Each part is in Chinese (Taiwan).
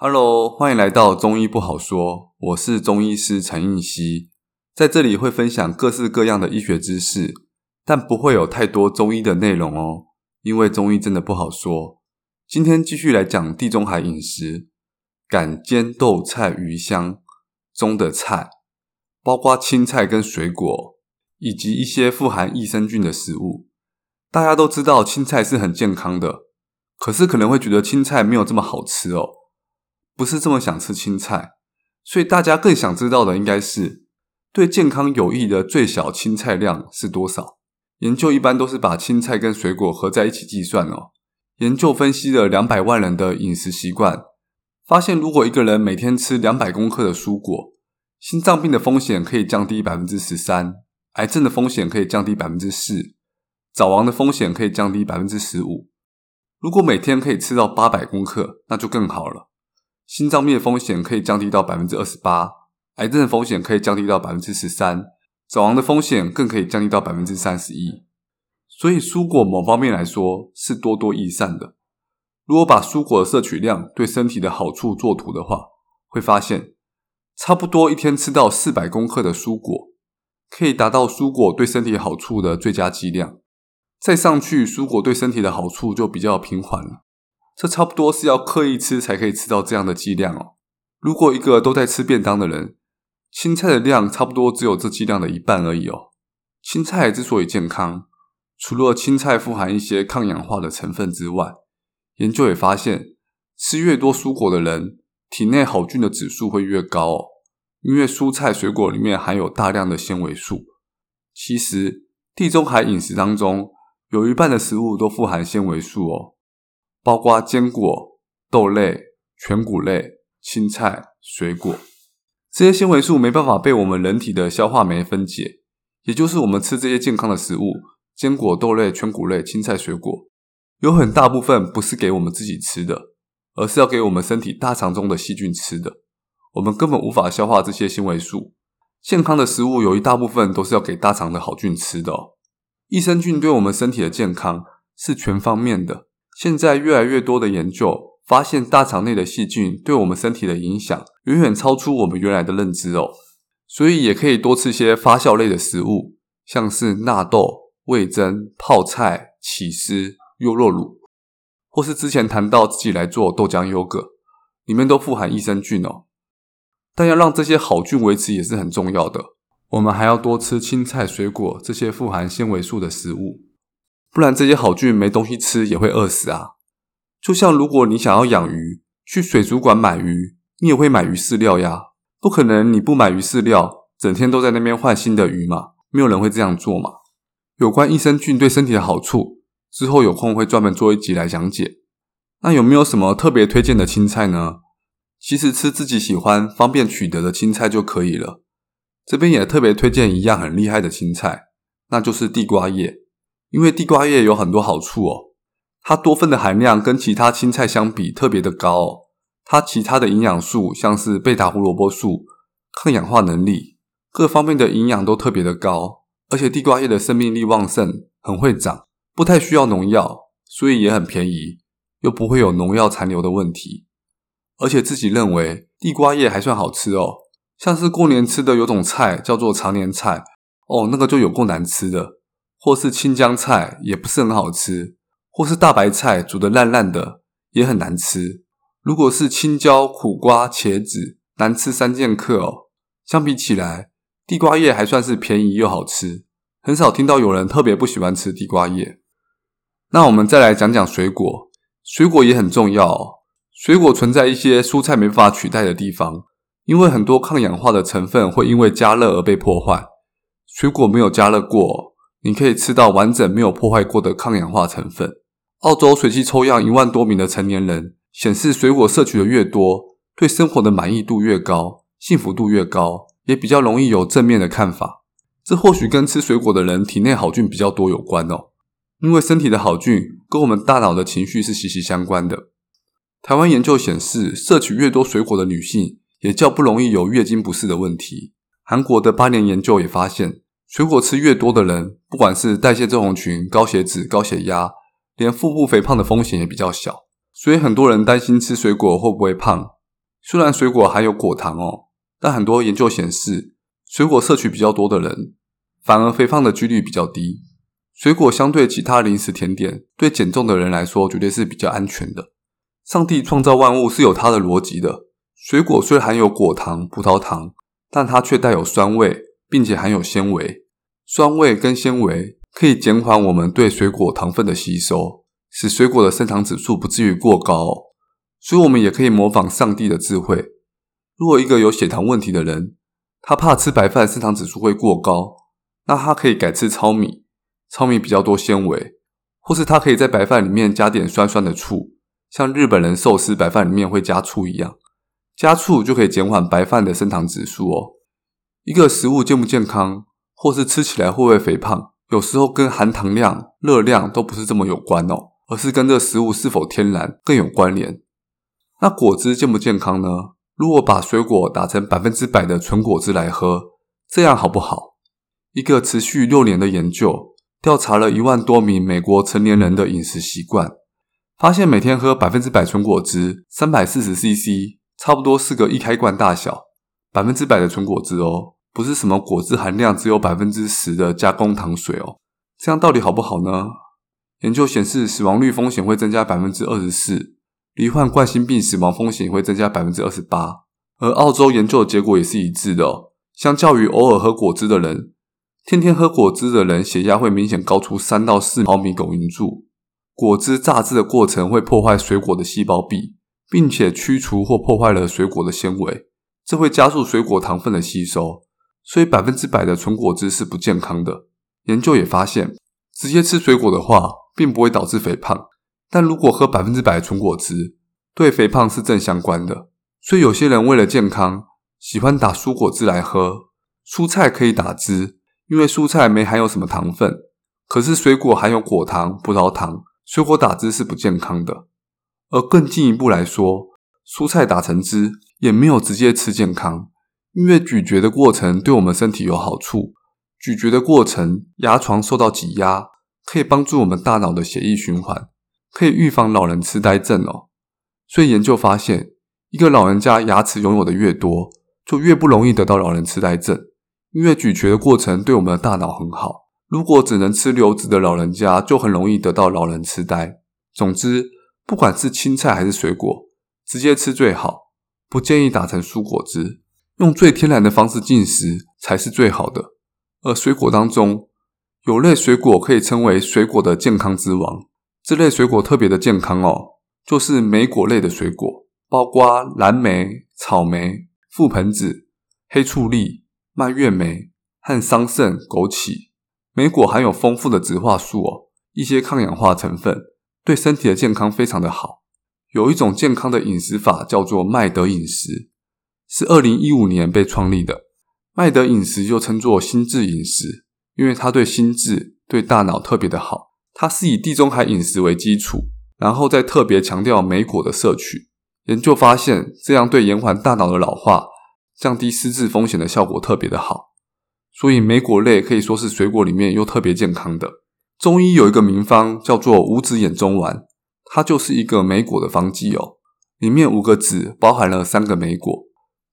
Hello，歡迎來到中醫不好說，我是中醫師陳應希，在這裡會分享各式各樣的醫學知識，但不會有太多中醫的內容哦，因為中醫真的不好說。今天繼續來講地中海飲食，橄堅豆菜魚香中的菜，包括青菜跟水果，以及一些富含益生菌的食物。大家都知道青菜是很健康的，可是可能會覺得青菜沒有這麼好吃哦。不是這麼想吃青菜，所以大家更想知道的應該是對健康有益的最小青菜量是多少？研究一般都是把青菜跟水果合在一起計算哦。研究分析了兩百萬人的飲食習慣，發現如果一個人每天吃兩百公克的蔬果，心臟病的風險可以降低百分之十三，癌症的風險可以降低百分之四，早亡的風險可以降低百分之十五。如果每天可以吃到八百公克，那就更好了。心臟病的風險可以降低到百分之二十八，癌症的風險可以降低到百分之十三，早亡的風險更可以降低到百分之三十一。所以，蔬果某方面來說是多多益善的。如果把蔬果的攝取量對身體的好處做圖的話，會發現差不多一天吃到四百公克的蔬果，可以達到蔬果對身體好處的最佳劑量。再上去，蔬果對身體的好處就比較平緩了。這差不多是要刻意吃才可以吃到這樣的劑量哦。如果一個都在吃便當的人，青菜的量差不多只有這劑量的一半而已哦。青菜之所以健康，除了青菜富含一些抗氧化的成分之外，研究也發現，吃越多蔬果的人，體內好菌的指數會越高哦。因為蔬菜水果裡面含有大量的纖維素。其實，地中海飲食當中有一半的食物都富含纖維素哦。包括堅果、豆類、全穀類、青菜、水果，這些纖維素沒辦法被我們人體的消化酶分解，也就是我們吃這些健康的食物，堅果、豆類、全穀類、青菜、水果，有很大部分不是給我們自己吃的，而是要給我們身體大腸中的細菌吃的。我們根本無法消化這些纖維素，健康的食物有一大部分都是要給大腸的好菌吃的喔。益生菌對我們身體的健康是全方面的。現在越來越多的研究發現，大腸內的細菌對我們身體的影響遠遠超出我們原來的認知哦。所以也可以多吃些發酵類的食物，像是納豆、味噌、泡菜、起司、優酪乳，或是之前談到自己來做豆漿、優格，裡面都富含益生菌哦。但要讓這些好菌維持也是很重要的，我們還要多吃青菜、水果這些富含纖維素的食物。不然這些好菌沒東西吃也會餓死啊！就像如果你想要養魚，去水族館買魚，你也會買魚飼料呀，不可能你不買魚飼料，整天都在那邊換新的魚嘛？沒有人會這樣做嘛！有關益生菌對身體的好處，之後有空會專門做一集來講解。那有沒有什麼特別推薦的青菜呢？其實吃自己喜歡、方便取得的青菜就可以了。這邊也特別推薦一樣很厲害的青菜，那就是地瓜葉。因為地瓜葉有很多好處哦，它多酚的含量跟其他青菜相比特別的高哦，它其他的營養素像是貝塔胡蘿蔔素、抗氧化能力，各方面的營養都特別的高。而且地瓜葉的生命力旺盛，很會長，不太需要農藥，所以也很便宜，又不會有農藥殘留的問題。而且自己認為地瓜葉還算好吃哦，像是過年吃的有種菜叫做長年菜，哦，那個就有夠難吃的。或是青江菜也不是很好吃，或是大白菜煮得爛爛的也很難吃。如果是青椒、苦瓜、茄子難吃三劍客哦。相比起來，地瓜葉還算是便宜又好吃，很少聽到有人特別不喜歡吃地瓜葉。那我們再來講講水果，水果也很重要哦。水果存在一些蔬菜沒法取代的地方，因為很多抗氧化的成分會因為加熱而被破壞，水果沒有加熱過，你可以吃到完整沒有破壞過的抗氧化成分。澳洲隨機抽樣一萬多名的成年人顯示，水果攝取的越多，對生活的滿意度越高，幸福度越高，也比較容易有正面的看法。這或許跟吃水果的人體內好菌比較多有關哦。因為身體的好菌跟我們大腦的情緒是息息相關的。台灣研究顯示，攝取越多水果的女性，也較不容易有月經不適的問題。韓國的八年研究也發現。水果吃越多的人，不管是代謝症候群、高血脂、高血壓，連腹部肥胖的風險也比較小。所以很多人擔心吃水果會不會胖？雖然水果含有果糖哦，但很多研究顯示，水果攝取比較多的人，反而肥胖的幾率比較低。水果相對其他零食甜點，對減重的人來說絕對是比較安全的。上帝創造萬物是有他的邏輯的。水果雖然含有果糖、葡萄糖，但它卻帶有酸味。並且含有纖維，酸味跟纖維可以減緩我們對水果糖分的吸收，使水果的升糖指數不至於過高哦。所以，我們也可以模仿上帝的智慧。如果一個有血糖問題的人，他怕吃白飯升糖指數會過高，那他可以改吃糙米。糙米比較多纖維，或是他可以在白飯裡面加點酸酸的醋，像日本人壽司白飯裡面會加醋一樣，加醋就可以減緩白飯的升糖指數哦。一個食物健不健康，或是吃起來會不會肥胖，有時候跟含糖量、熱量都不是這麼有關哦，而是跟這食物是否天然更有關聯。那果汁健不健康呢？如果把水果打成百分之百的純果汁來喝，這樣好不好？一個持續六年的研究，調查了一萬多名美國成年人的飲食習慣，發現每天喝百分之百純果汁，三百四十 CC，差不多是個易開罐大小，百分之百的純果汁哦。不是什麼果汁含量只有百分之十的加工糖水哦，這樣到底好不好呢？研究顯示，死亡率風險會增加百分之二十四，罹患冠心病死亡風險會增加百分之二十八。而澳洲研究的結果也是一致的哦，相較於偶爾喝果汁的人，天天喝果汁的人血壓會明顯高出三到四毫米汞柱。果汁榨汁的過程會破壞水果的細胞壁，並且去除或破壞了水果的纖維，這會加速水果糖分的吸收。所以百分之百的純果汁是不健康的。研究也發現，直接吃水果的話，並不會導致肥胖；但如果喝百分之百的純果汁，對肥胖是正相關的。所以有些人為了健康，喜歡打蔬果汁來喝。蔬菜可以打汁，因為蔬菜沒含有什麼糖分。可是水果含有果糖、葡萄糖，水果打汁是不健康的。而更進一步來說，蔬菜打成汁也沒有直接吃健康。因為咀嚼的過程對我們身體有好處，咀嚼的過程，牙床受到擠壓，可以幫助我們大腦的血液循環，可以預防老人痴呆症哦。所以研究發現，一個老人家牙齒擁有的越多，就越不容易得到老人痴呆症。因為咀嚼的過程對我們的大腦很好，如果只能吃流質的老人家，就很容易得到老人痴呆。總之，不管是青菜還是水果，直接吃最好，不建議打成蔬果汁。用最天然的方式進食才是最好的。而水果當中，有類水果可以稱為水果的健康之王，這類水果特別的健康哦，就是莓果類的水果，包括藍莓、草莓、覆盆子、黑醋栗、蔓越莓和桑葚、枸杞。莓果含有豐富的植化素哦，一些抗氧化成分，對身體的健康非常的好。有一種健康的飲食法叫做麥德飲食。是二零一五年被創立的，麥德飲食又稱作心智飲食，因為它對心智、對大腦特別的好。它是以地中海飲食為基礎，然後再特別強調莓果的攝取。研究發現，這樣對延緩大腦的老化、降低失智風險的效果特別的好。所以，莓果類可以說是水果裡面又特別健康的。中醫有一個名方叫做五子衍宗丸，它就是一個莓果的方劑哦，裡面五個子包含了三個莓果。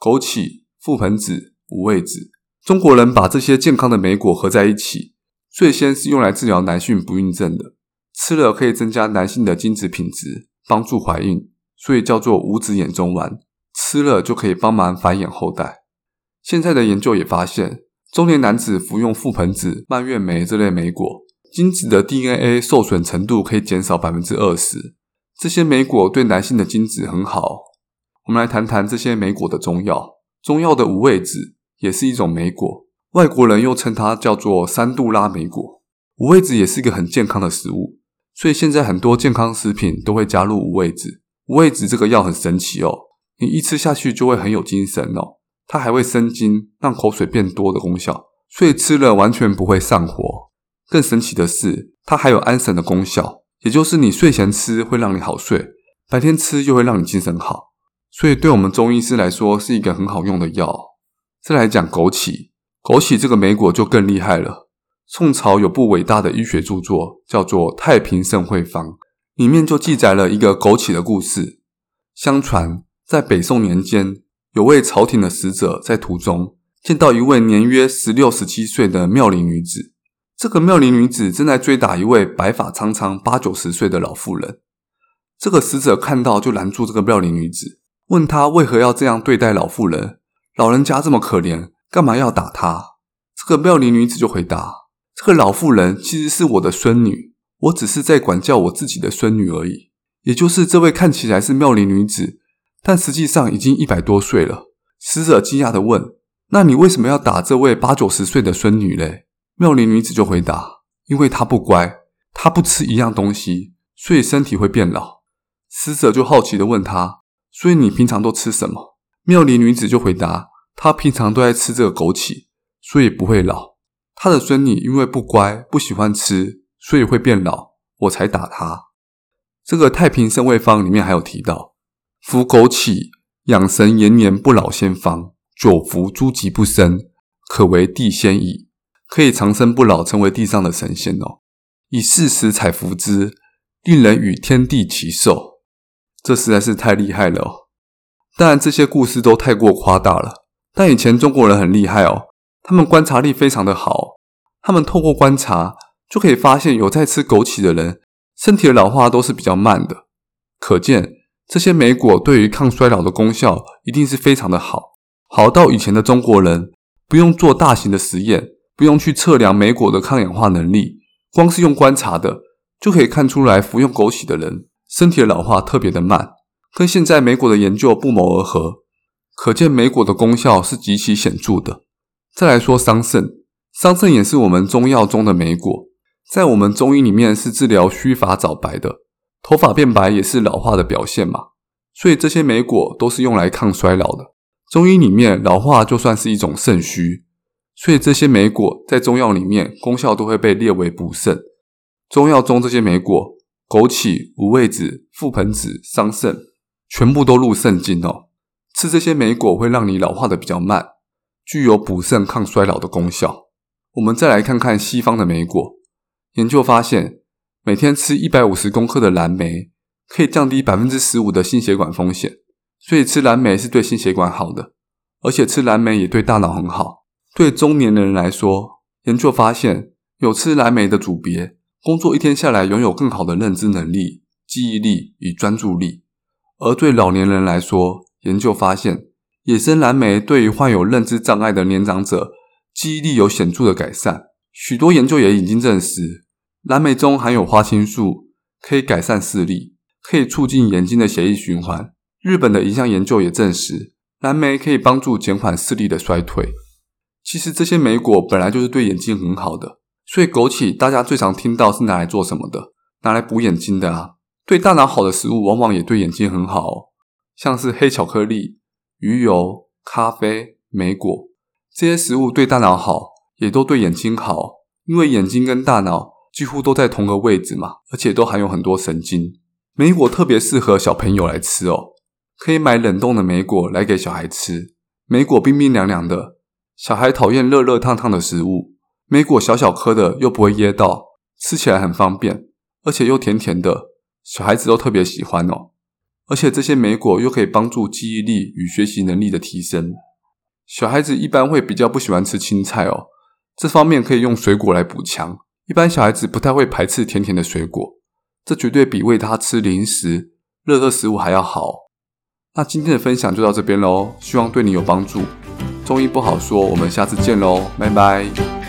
枸杞、覆盆子、五味子，中國人把這些健康的莓果合在一起，最先是用來治療男性不孕症的。吃了可以增加男性的精子品質，幫助懷孕，所以叫做“五子衍宗丸”。吃了就可以幫忙繁衍後代。現在的研究也發現，中年男子服用覆盆子、蔓越莓這類莓果，精子的 DNA 受損程度可以減少百分之二十。這些莓果對男性的精子很好。我們來談談這些莓果的中藥，中藥的五味子也是一種莓果，外國人又稱它叫做三度拉莓果。五味子也是一個很健康的食物，所以現在很多健康食品都會加入五味子。五味子這個藥很神奇哦，你一吃下去就會很有精神哦，它還會生津，讓口水變多的功效，所以吃了完全不會上火。更神奇的是，它還有安神的功效，也就是你睡前吃會讓你好睡，白天吃又會讓你精神好。所以，對我們中醫師來說，是一個很好用的藥。再來講枸杞，枸杞這個莓果就更厲害了。宋朝有部偉大的醫學著作，叫做《太平聖惠方》，裡面就記載了一個枸杞的故事。相傳在北宋年間，有位朝廷的使者在途中見到一位年約十六、十七歲的妙齡女子。這個妙齡女子正在追打一位白髮蒼蒼、八九十歲的老婦人。這個使者看到，就攔住這個妙齡女子。問他為何要這樣對待老婦人？老人家這麼可憐，幹嘛要打她？這個妙齡女子就回答：“這個老婦人其實是我的孫女，我只是在管教我自己的孫女而已。”也就是這位看起來是妙齡女子，但實際上已經一百多歲了。死者驚訝地問：“那你為什麼要打這位八九十歲的孫女嘞？”妙齡女子就回答：“因為她不乖，她不吃一樣東西，所以身體會變老。”死者就好奇地問她。所以你平常都吃什麼？妙齡女子就回答：“她平常都愛吃這個枸杞，所以不會老。她的孫女因為不乖，不喜歡吃，所以會變老，我才打她。”這個《太平聖惠方》裡面還有提到：“服枸杞，養神延年，不老仙方。久服諸疾不生，可為地仙矣，可以長生不老，成為地上的神仙哦。以四時採服之，令人與天地齊壽。”這實在是太厲害了哦，當然這些故事都太過誇大了。但以前中國人很厲害哦，他們觀察力非常的好，他們透過觀察就可以發現有在吃枸杞的人，身體的老化都是比較慢的。可見這些莓果對於抗衰老的功效一定是非常的好，好到以前的中國人不用做大型的實驗，不用去測量莓果的抗氧化能力，光是用觀察的就可以看出來，服用枸杞的人。身體的老化特別的慢，跟現在美國的研究不謀而合，可見莓果的功效是極其顯著的。再來說桑葚，桑葚也是我們中藥中的莓果，在我們中醫裡面是治療鬚髮早白的，頭髮變白也是老化的表現嘛，所以這些莓果都是用來抗衰老的。中醫裡面老化就算是一種腎虛，所以這些莓果在中藥裡面功效都會被列為補腎。中藥中這些莓果，枸杞、五味子、覆盆子、桑葚，全部都入腎經哦。吃這些莓果會讓你老化的比較慢，具有補腎抗衰老的功效。我們再來看看西方的莓果，研究發現，每天吃一百五十公克的藍莓，可以降低百分之十五的心血管風險。所以吃藍莓是對心血管好的，而且吃藍莓也對大腦很好。對中年的人來說，研究發現有吃藍莓的組別。工作一天下來，擁有更好的認知能力、記憶力與專注力。而對老年人來說，研究發現，野生藍莓對於患有認知障礙的年長者，記憶力有顯著的改善。許多研究也已經證實，藍莓中含有花青素，可以改善視力，可以促進眼睛的血液循環。日本的一項研究也證實，藍莓可以幫助減緩視力的衰退。其實，這些莓果本來就是對眼睛很好的。所以枸杞大家最常聽到是拿來做什麼的？拿來補眼睛的啊！對大腦好的食物，往往也對眼睛很好哦。像是黑巧克力、魚油、咖啡、莓果這些食物，對大腦好，也都對眼睛好。因為眼睛跟大腦幾乎都在同個位置嘛，而且都含有很多神經。莓果特別適合小朋友來吃哦，可以買冷凍的莓果來給小孩吃。莓果冰冰涼涼的，小孩討厭熱熱燙燙的食物。莓果小小顆的，又不會噎到，吃起來很方便，而且又甜甜的，小孩子都特別喜歡哦。而且這些莓果又可以幫助記憶力與學習能力的提升。小孩子一般會比較不喜歡吃青菜哦，這方面可以用水果來補強。一般小孩子不太會排斥甜甜的水果，這絕對比餵他吃零食、熱熱食物還要好。那今天的分享就到這邊嘍，希望對你有幫助。中醫不好說，我們下次見嘍，拜拜。